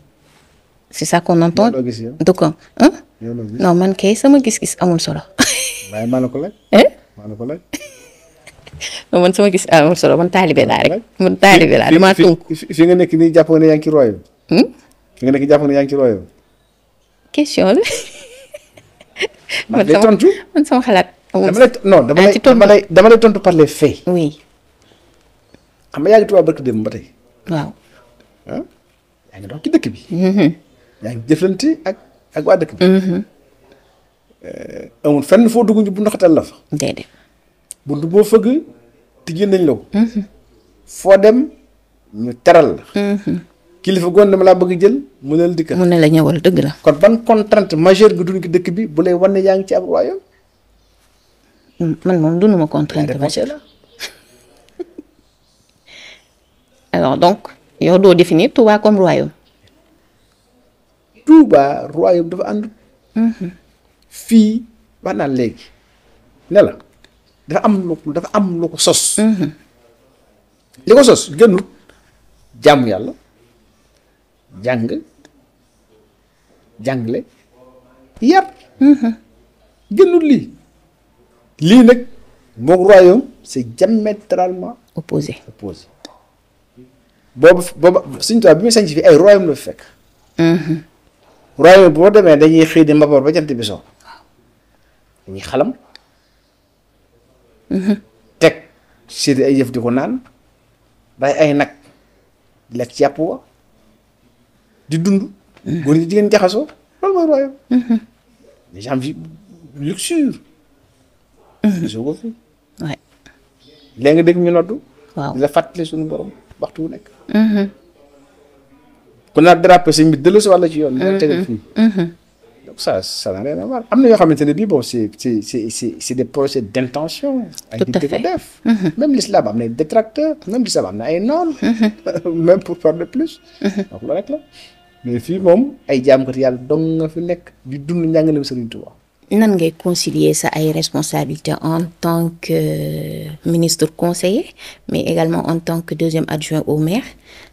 c'est ça qu'on entend donc hein, hein? non man kay sama gis-gis amul ah, solo. waaye bah, man ko lay hein man ko lay non man sama gis amul ah, solo man talibé laa rek. man talibé laa damaa tënku. fi nga nek ni jàpp nga ne yaa ngi ci royaume. Hmm? fi nga nek jàpp nga ne yaa ci royo question la. Bah, man sama tontu man sama xalaat. dama lay non dama ah, lay dama lay dama lay tontu parler fait oui. xam nga yaa ngi tubaab barke démb ba tey. waaw. ah yaa ngi dox ci dëkk bi. Hmm, hmm. yaa ngi jëflante ak ak waa dëkk bi. Mm-hmm. Eh, amul fenn foo dugg bu ndoxatal la fa. déedéet. bunt boo fëgg tijji nañ la ko. Mm-hmm. foo dem ñu teral la. Mm-hmm. kilifa goon dama laa bëgg jël mu ne la dikka. mu ne la ñëwal dëgg la. kon ban contrainte majeure nga dund ki dëkk bi bu lay wan ne ngi ci ab royaume. Mm, man moom dundu contrainte majeure. alors donc yow doo définir Touba comme royaume. Touba royaume dafa ànd. Mhm. fii wax naa léegi ne dafa am lu dafa am lu ko sos. Mhm. li ko sos gënul jàmm yàlla jàng jàngle yar. Mhm. gënul lii lii nag moog royaume c'est diamétralement opposé boobu boobu suñu tubaab bi muy sañ fii ay royaume la fekk. royaume boo demee dañuy xëy di mbaboor ba jant bi so dañuy xalam mhm. teg séddi ay yëf di ko naan bàyyi ay nag di lekk ci yàpp wa di dund mhm. góor ñi jigéen jaxasoo loolu mooy royaume mhm. les gens vivent soo ko fi léegi nga dégg ñu noddu di la fàttali suñu borom waxtu wu nekk ku nar drapé sëñ bi dellu si wala ci yoon. nga mm-hmm. tegal mm-hmm. donc ça ça n'a rien à voir amna yo yoo xamante bon c'est c'est c'est c'est des procès d'intention, intention. dit que fait def. Mm-hmm. même l'islam am des détracteurs même l'islam am na ay noon. même pour faire de plus. donc loolu rek la mais fii mom ay jaamkat yalla dong nga fi nek di dund ñangale Sëriñ touba nan ngay concilier sa ay en tant que euh, ministre conseiller mais également en tant que deuxième adjoint au maire.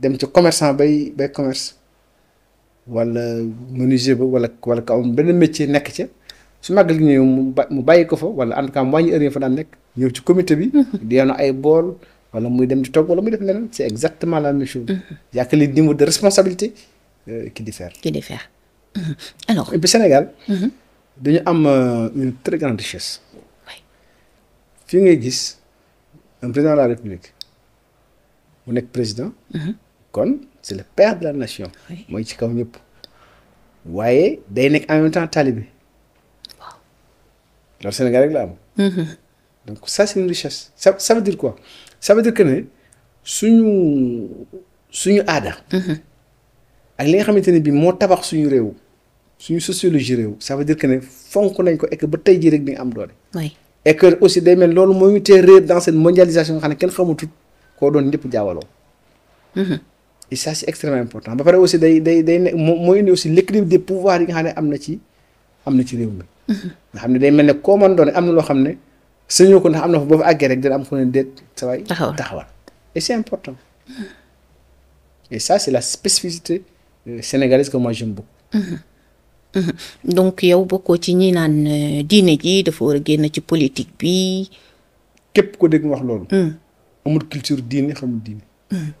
dem ci commerçant bay bay commerce wala menuisier wala wala ka métier nekk ca su màggal mu wala en cas ci comité bi. Mhm. di yenu ay bool wala muy dem di c'est exactement la même chose. il mhm. y a que les niveaux de responsabilité euh, qui diffèrent qui mhm. alors. et puis Sénégal. nous am euh, une très grande richesse. fii ngay gis un président de la république mu nekk président kon c'est le père de la nation. mooy ci kaw ñëpp. waaye day nekk en même temps talibé. waaw loolu Sénégal rek la am. Mm-hmm. donc ça c'est une richesse ça ça veut dire quoi ça veut dire que ne suñu suñu ada, mm-hmm. ak li nga xamante ne bii moo tabax suñu réew. suñu sociologie réew. ça veut dire que ne fonk nañ ko ek ba tay jii rek ni nga am doole. et que aussi day mel loolu moo ñu tee dans cette mondialisation xane xam ne kenn xamatul koo doon ñëpp -hmm et ça c'est extrêmement important ba pare aussi day day day ne mooy aussi l'équilibre des pouvoirs yi nga xam ne am ci amna ci réew mi. Mm-hmm. nga xamné day mel ne koo mën doon am na loo ko ndax am na fa boo fa àggee rek dina am ko ne déet sa waay. taxawal et c'est important. Mm-hmm. et ça c'est la spécificité euh, sénégalaise que moi j'aime beaucoup. Mm-hmm. donc yow boko ci ñi naan euh, diiné ji dafa war a génn ci politique bi. képp ko dégg wax loolu. Mm. amul culture diiné xamul diiné mm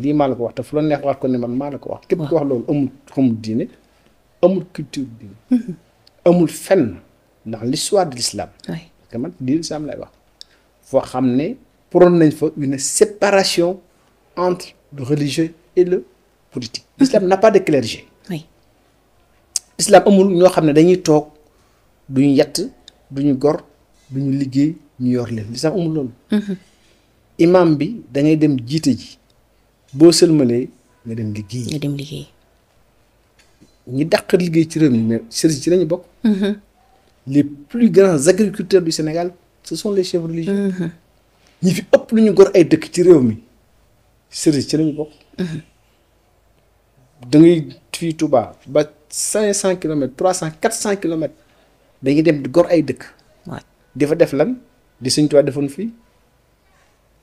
lii maa la ko wax te fu la neex waxaat ko ne man maa la ko wax. képp ko wax loolu amul xamul diine amul culture diine. Mm-hmm. amul fenn ndax l'histoire de l'islam. waay parce que man diine l'islam lay wax. foo xam ne prône nañ fa une séparation entre le religieux et le politique. Mm-hmm. l'islam n'a pas de clergé. oui l'islam amul ñoo xam ne dañuy toog duñu yett duñu gor duñu liggéey ñu yor leen l'islam amul loolu. Mm-hmm. imam bi da ngay dem jiite ji boo sëlmalee nga dem liggéey. nga dem liggéey. ñi dàq liggéey ci réew mi mais ci lañu bokk. Mm-hmm. les plus grands agriculteurs du Sénégal ce sont les chefs religieux. Mm-hmm. ñi fi ëpp lu ñu gor ay dëkk ci réew mi service ci lañu bokk. Mm-hmm. da ngay fii Touba ba 500 km 300 400 km quatre ngay dem di gor ay dëkk. di fa def lan di Sëñ Tuubaa defoon fii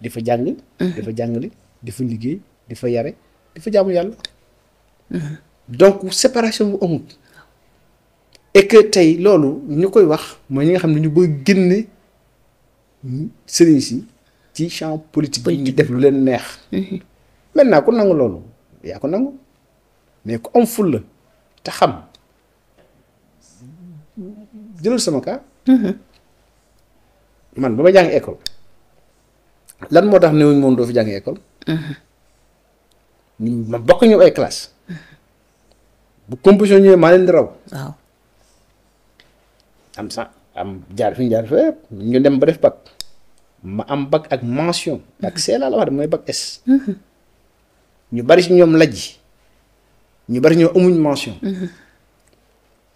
di fa jàng. di fa jàngale di fa liggéey y yare il faut y aller. donc séparation bu et que tay lolu ñukoy wax mooy ñi nga xam guider. ñu booy génne sëriñ ci champ politique def lu leen neex maintenant ku nangu lolu ya ko nangu mais ko am fulla ta xam sama cas man bama école lan motax fi jàng école ma bokk ñu ay classe bu composition ñëwee maa leen di raw. waaw. am sa am jaar fi ñu jaar fépp ñu dem ba def bac ma am bac ak mention. bac C laa la wax de mooy bac ñu bari si ñoom lajj ñu bari ñoom amuñ mention.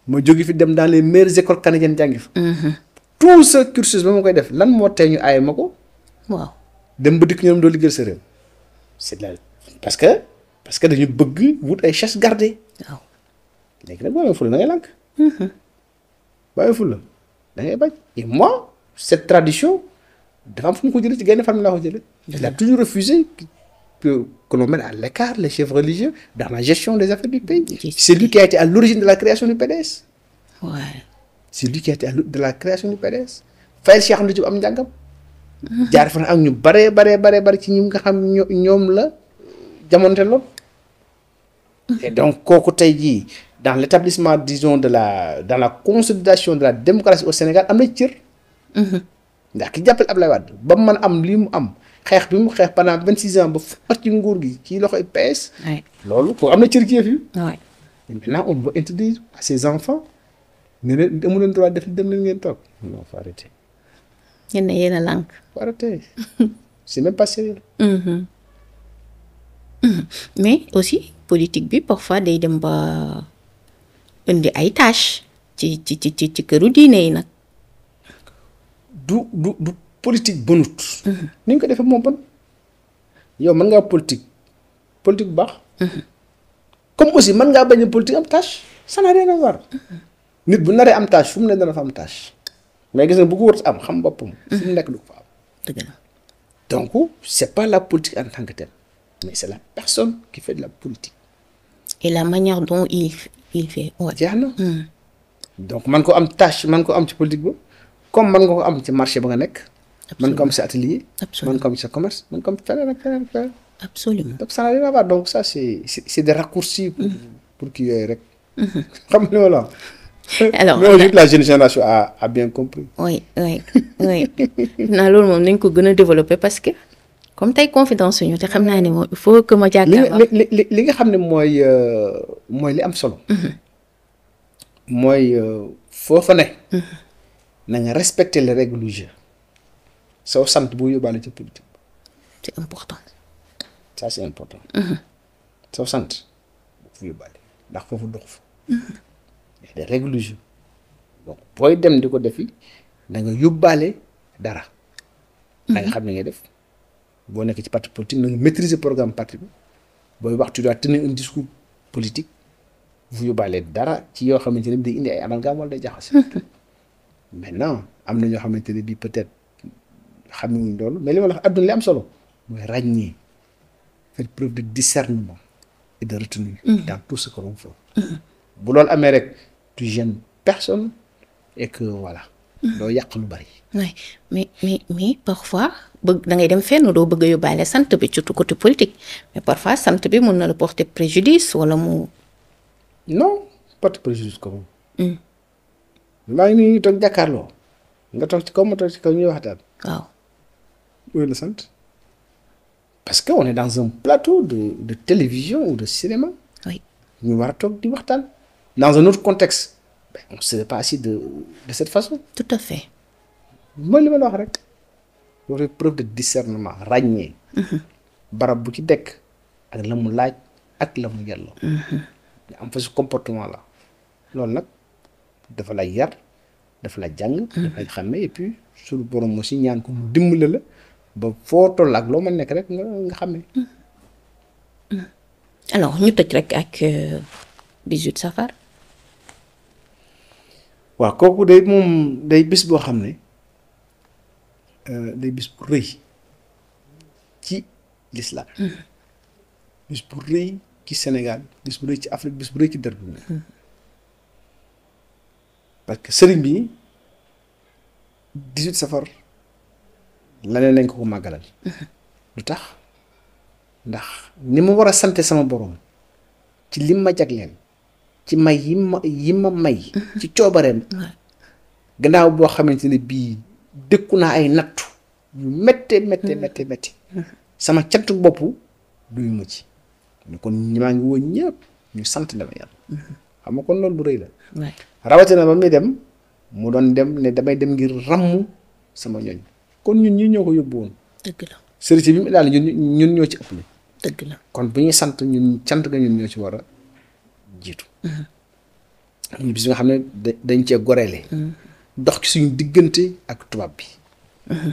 ma jóge fi dem dans les meilleures écoles jàngi fa. tout ce cursus ba ma koy def lan moo tey ñu aaye ma ko. waaw dem ba dikk ñoom doo liggéeyal sa réew. c'est parce que dañu bëgg wut ay chasse gardée. waaw léegi nag boo ful fula da ngay lànk. boo amee fula da ngay bañ. et moi cette tradition dafa am fu mu ko jëlee ci gaynde famille laa ko jëlee. il a toujours refusé que que l'on mette à l'écart les chefs religieux dans la gestion des affaires du pays. c'est lui qui a été à l'origine de la création du PDS. waaw c'est lui qui a été à l'origine de la création du PDS. fayal Cheikh Ndiouf am njàngam. Mhm. jaar fan ak ñu baree baree baree bare ci ñu nga xam ñoom la jamonte lool et donc kooku tey jii dans l'établissement disons de la dans la consolidation de la démocratie au Sénégal amna na hmm ndax ki jappel Ablaye wad ba man am limu am xex bi mu pendant vingt six ans ba far ci nguur gi ci loxoy PS loolu kooku am na cër ci fi yi maintenant on veut introduire à ses enfants ne leen amu leen droit def dem leen ngeen non faut arrêter yéen a yéen faut arrêter c'est même pas sérieux mhm. Hmm. mais aussi politique bi parfois day dem ba indi ay tâche ci ci ci ci ci këru diine yi nag du du du politique bonut hmm. ni nga defee mo bon yow man nga politique politique bax hmm. comme aussi man nga bañ politique am tâche ça n'a rien à voir nit bu naré am tâche fu mu ne dana fa am tâche mais gis nga bu ko wurt am xam bopum fu nek lu fa am donc c'est pas la politique en tant que telle mais c'est la personne qui fait de la politique. et la manière dont il il fait waaw. jeex hmm. donc man ko am tâche man ko am ci politique comme man nga ko am ci marché ba nga nekk. man ko am atelier. man ko am commerce man ko absolument donc ça n'a rien à voir donc ça c'est des raccourcis. pour hmm. pour y ait. rek. Hmm. xam nga on alors mais aujourd'hui la jeune génération a a bien compris. oui oui oui. avons loolu moom nañ développer parce que comme tay confidence suñu té xamna naa ne moom il faut que ma. jàkkaarloo li li nga xamné moy euh, moy li am solo. Mm-hmm. moy euh, foofa ne. Mm-hmm. na nga respecter les règles du jeu. soo sante bu yobale ci politique. c'est important. ça c'est important. Mm-hmm. soo sante bu yobale ndax fofu dox fa. des règles du jeu donc booy dem diko ko defi da nga yobale dara. da nga xamné ne ngay def boo nekk ci parti politique na nga maîtriser programme parti bi wax tu dois tenir un discours politique bu yóbbaale dara ci yo xamante ne day indi ay amalgame wala day jaxase. maintenant amna na ñoo bi peut-être xamuñu loolu mais li ma wax adduna li am solo moy ragni faire preuve de discernement et de retenue. Mmh. dans tout ce que l'on fait. Mmh. bu loolu amé rek tu gênes personne et que voilà do yàq bari. mais mais mais parfois bëgg da ngay dem fenn doo bëgg a yóbbaale sant bi surtout côté politique mais parfois sant bi mun na la porter préjudice wala mu. non porter préjudice ko moom. Hmm. maa ngi nii ñu toog jàkkaarloo nga toog ci kaw ma toog ci kaw ñuy waxtaan. waaw. loolu la sant parce que on est dans un plateau de de télévision ou de cinéma. oui ñu war a toog di waxtaan. dans un autre contexte ben, on ne serait pas assis de, de cette façon. Tout à fait. Moi, li ma la wax rek preuve de discernement ragné. Mhm. barab bu ci dekk ak la mu laaj ak la mu yelloo. Mhm. am fa ce comportement là. loolu nak dafa la yar dafa la jang, mhm. dafa la xàmme et puis suñu borom aussi ñaan ko mu dimbali la ba fo toll ak loma nek rek nga nga xam alors ñu tecc rek ak bijou euh, de safar. waaw kooku day moom day bis boo xam ne euh, day bis bu rëy ci lislaam hmm. bis bu rëy ci Sénégal bis bu rëy ci Afrique bis bu rëy ci dër hmm. parce que sëriñ bi 18 safar laneen nañ ko ko màggalal hmm. lu tax ndax ni ma war a sante sama boroom ci lim ma jagleel ci may yi ma yi ma may mhm. ci coobareem gannaaw boo xamante ne bii dëkku naa ay nattu yu métte métte mhm. métte métte mhm. sama cantu bopp duy ma ci kon maa ngi woon ñëpp ñu sant dama yàlla xam nga kon loolu bu rëy la rawatina ba muy dem mu doon dem ne damay dem ngir ràmm sama ñooñ kon ñun ñu ñoo ko yóbbu woon dëgg la bi mu daal ñun ñun ñoo ci ëpp la kon bu ñuy sant ñun cant nga ñun ñoo ci war a Jitu. Mm-hmm. ñu bis nga xam ne dañ cee goreele mm-hmm. dox ci suñu digënté ak tubab bi mm-hmm.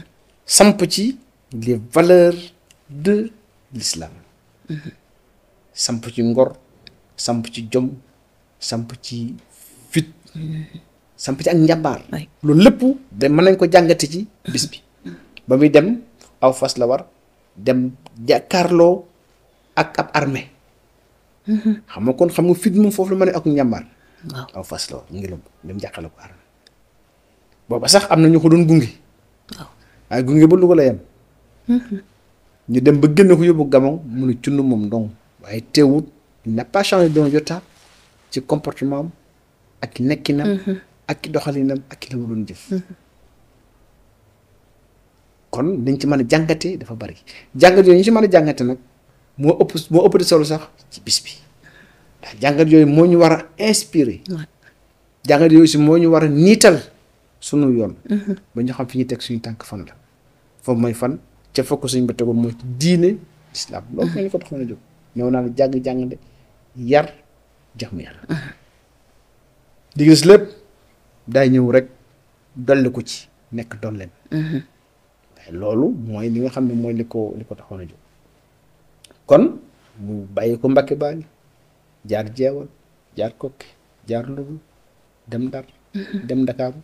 samp ci les valeurs de l'islam samp ci ngor samp ci jom samp ci fit samp ci ak njabar lu lepp de man nañ ko jangati ci bis bi ba muy dem aw fas la war dem jakarlo ak ab armée xam nga kon xam nga fit moom foofu la man ne ak njàmbaar. waaw ngi dem jàqale ko aar booba sax am na ñu ko doon gunge. waaye gunge ba lu ko la yem. Mhm. ñu dem ba génne ko yóbbu gamon mu ne cunn moom dong waaye teewut il n'a pas changé ci comportement am ak nekkinam. Mhm. ak doxalinam ak la mu doon jëf. Mhm. kon dañ ci mën a jàngate dafa bari jàngat yooyu ñu ci man a jàngate nag. moo ëpp moo ëpp di sax ci bis bi ndax jàngat yooyu moo ñu war a inspiré. jàngat yooyu si moo ñu war a niital sunu yoon. Mhm. ba ñu xam fi ñu teg suñu tànk fan la foofu mooy fan ca fokk suñu ba tegoon mooy diine islam loolu mhm. moo ñu ko tax ñëw naa la jàng jàng de yar jaxmu mhm. lépp day ñëw rek dolli ko ci nekk dolleen loolu mooy li nga xam ne mooy li ko li ko taxoon a jóg kon mu bàyyi ko mbakke baali jaar jeewal jaar kokki jaar ndugu dem dar, mhm. dem ndakaaru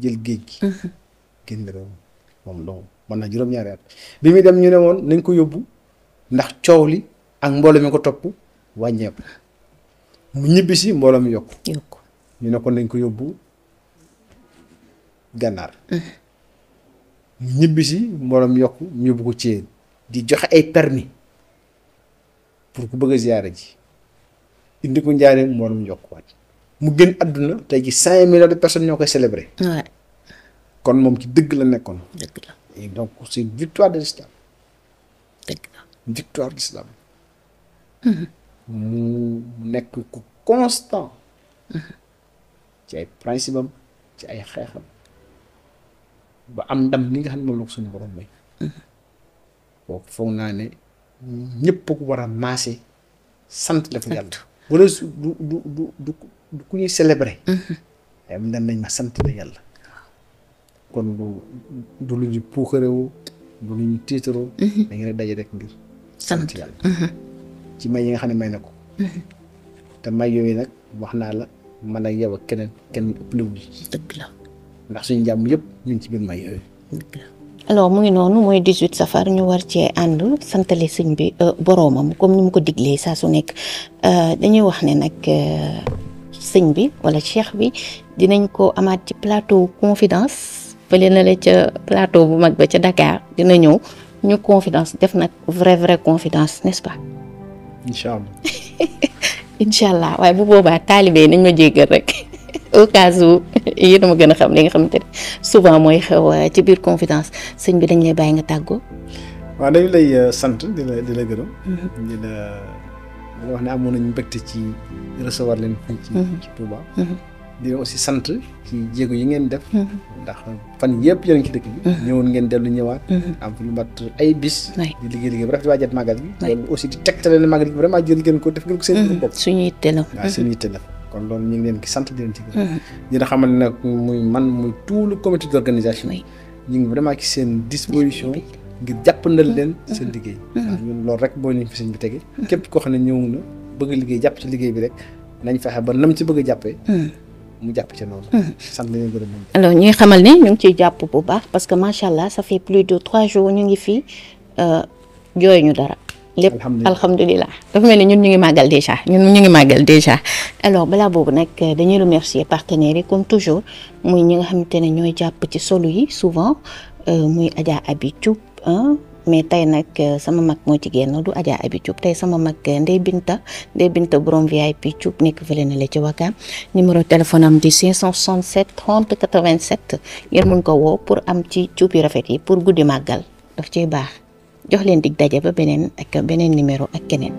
jël geej gi mhm. génn réew moom dong man na juroom ñaar yaat bi mi dem ñu ne nañ ko yobbu ndax ciowli ak mbooloo mi ko topp wàññeeku mu ñibbi si mi yok ñu ne kon nañ ko yobbu ganar mhm. ñibbi mi ñu bu ko ci di joxe ay permis pour ku bëgg a ziyaare ji indi ko njaareem mboolem njokkuwaat mu gën àdduna tey ci cinq millions de personnes ñoo koy célébrer. kon moom ci dëgg la nekkoon. dëgg la et donc c' victoire de l' mm-hmm. mu nekk ku constant. Mm-hmm. ci ay principe ci ay xeexam ba am ndam li nga xam ne moom la ko suñu borom may. Mm-hmm. kooku foog naa ne. ñëpp ko war a maase sant def yàlla wala su du mhm. eh, nañ ma sant la yàlla kon du du lu ñu puukarewu du lu ñu tiitaroo mhm. dañu rek daje rek ngir sant yàlla mhm. ci may yi nga xam ne may na ko te may yooyu nag wax naa la man ak yow keneen kenn ëpp la dëgg la ndax suñu jàmm yëpp ñu ngi ci biir may yooyu alors mu ngi noonu mooy dix 18 safar ñu war cee ànd santale sëñ bi euh, boroomam comme ni mu ko diglee saa su nekk euh, dañuy wax ne nag euh, sëñ bi wala cheikh bi dinañ ko amaat ci plateau confidence fële na la ca plateau bu mag ba ca dakaar dina ñëw ñu confidence def nag vrai vrai confidence n'est-ce pas. incha allah waaye bu boobaa taalibe nañ ma jéggal rek. au cas où yi dama gëna xam li nga xamante ne souvent moy xew euh, ci biir confidence sëñ bi dañ lay bay nga taggo wa dañ lay euh, sante di la di la gërëm. Mm-hmm. di la wax ne amu nañu mbégte ci recevoir len fi ci mm-hmm. ci Touba. Mm-hmm. di aussi sante ci jégu yi ngeen def. ndax fan yépp yéen ci dëkk bi. ñëwoon ngeen delu ñëwaat. am lu mat ay bis. di liggéey liggéey bu rafet waajat màggal bi. aussi di tegtale magal bi vraiment jël gën ko def gën ko seen bop suñuy yitte suñuy waaw kon loolu ñu ngi leen ki sant di leen ci gërëm. Mm-hmm. di muy man muy tout le comité d' organisation. ñu ngi vraiment ci seen disposition. ngir jàppandal leen mm-hmm. seen liggéey. Mm-hmm. waaw ñun loolu rek boo ñu fi seen bi tege. képp koo xam ne ñëw na bëgg liggéey jàpp ci liggéey bi rek nañ fexe ba nam ci bëgg a jàppee. mu jàpp ci noonu. sant nañu gërëm nañu. alors ñuy xamal ne ñu ngi ciy jàpp bu baax parce que macha allah ça fait plus de trois jours ñu ngi fii euh, jooy ñu dara. lépp alhamdulilah dafa mel ni ñun ñu ngi màggal déjà ñun ñu ngi màggal déjà alors balaa boobu nag euh, dañuy remercier partenaires yi comme toujours muy ñi nga xamante ne ñooy jàpp ci solo yi souvent euh, muy Adja Abi Thioub mais tey nag euh, sama mag moo jigéen génn du Adja Abi Thioub tey sama mag Ndey Binta Ndey Binta borom VIP Thioub nekk fële na la ci Wakaam numéro téléphone am di 567 30 87 ngeen mun ko woo pour am ci cuub yu rafet yi pour guddi màggal daf ci baax jox leen dig daje ba beneen ak beneen numéro ak keneen.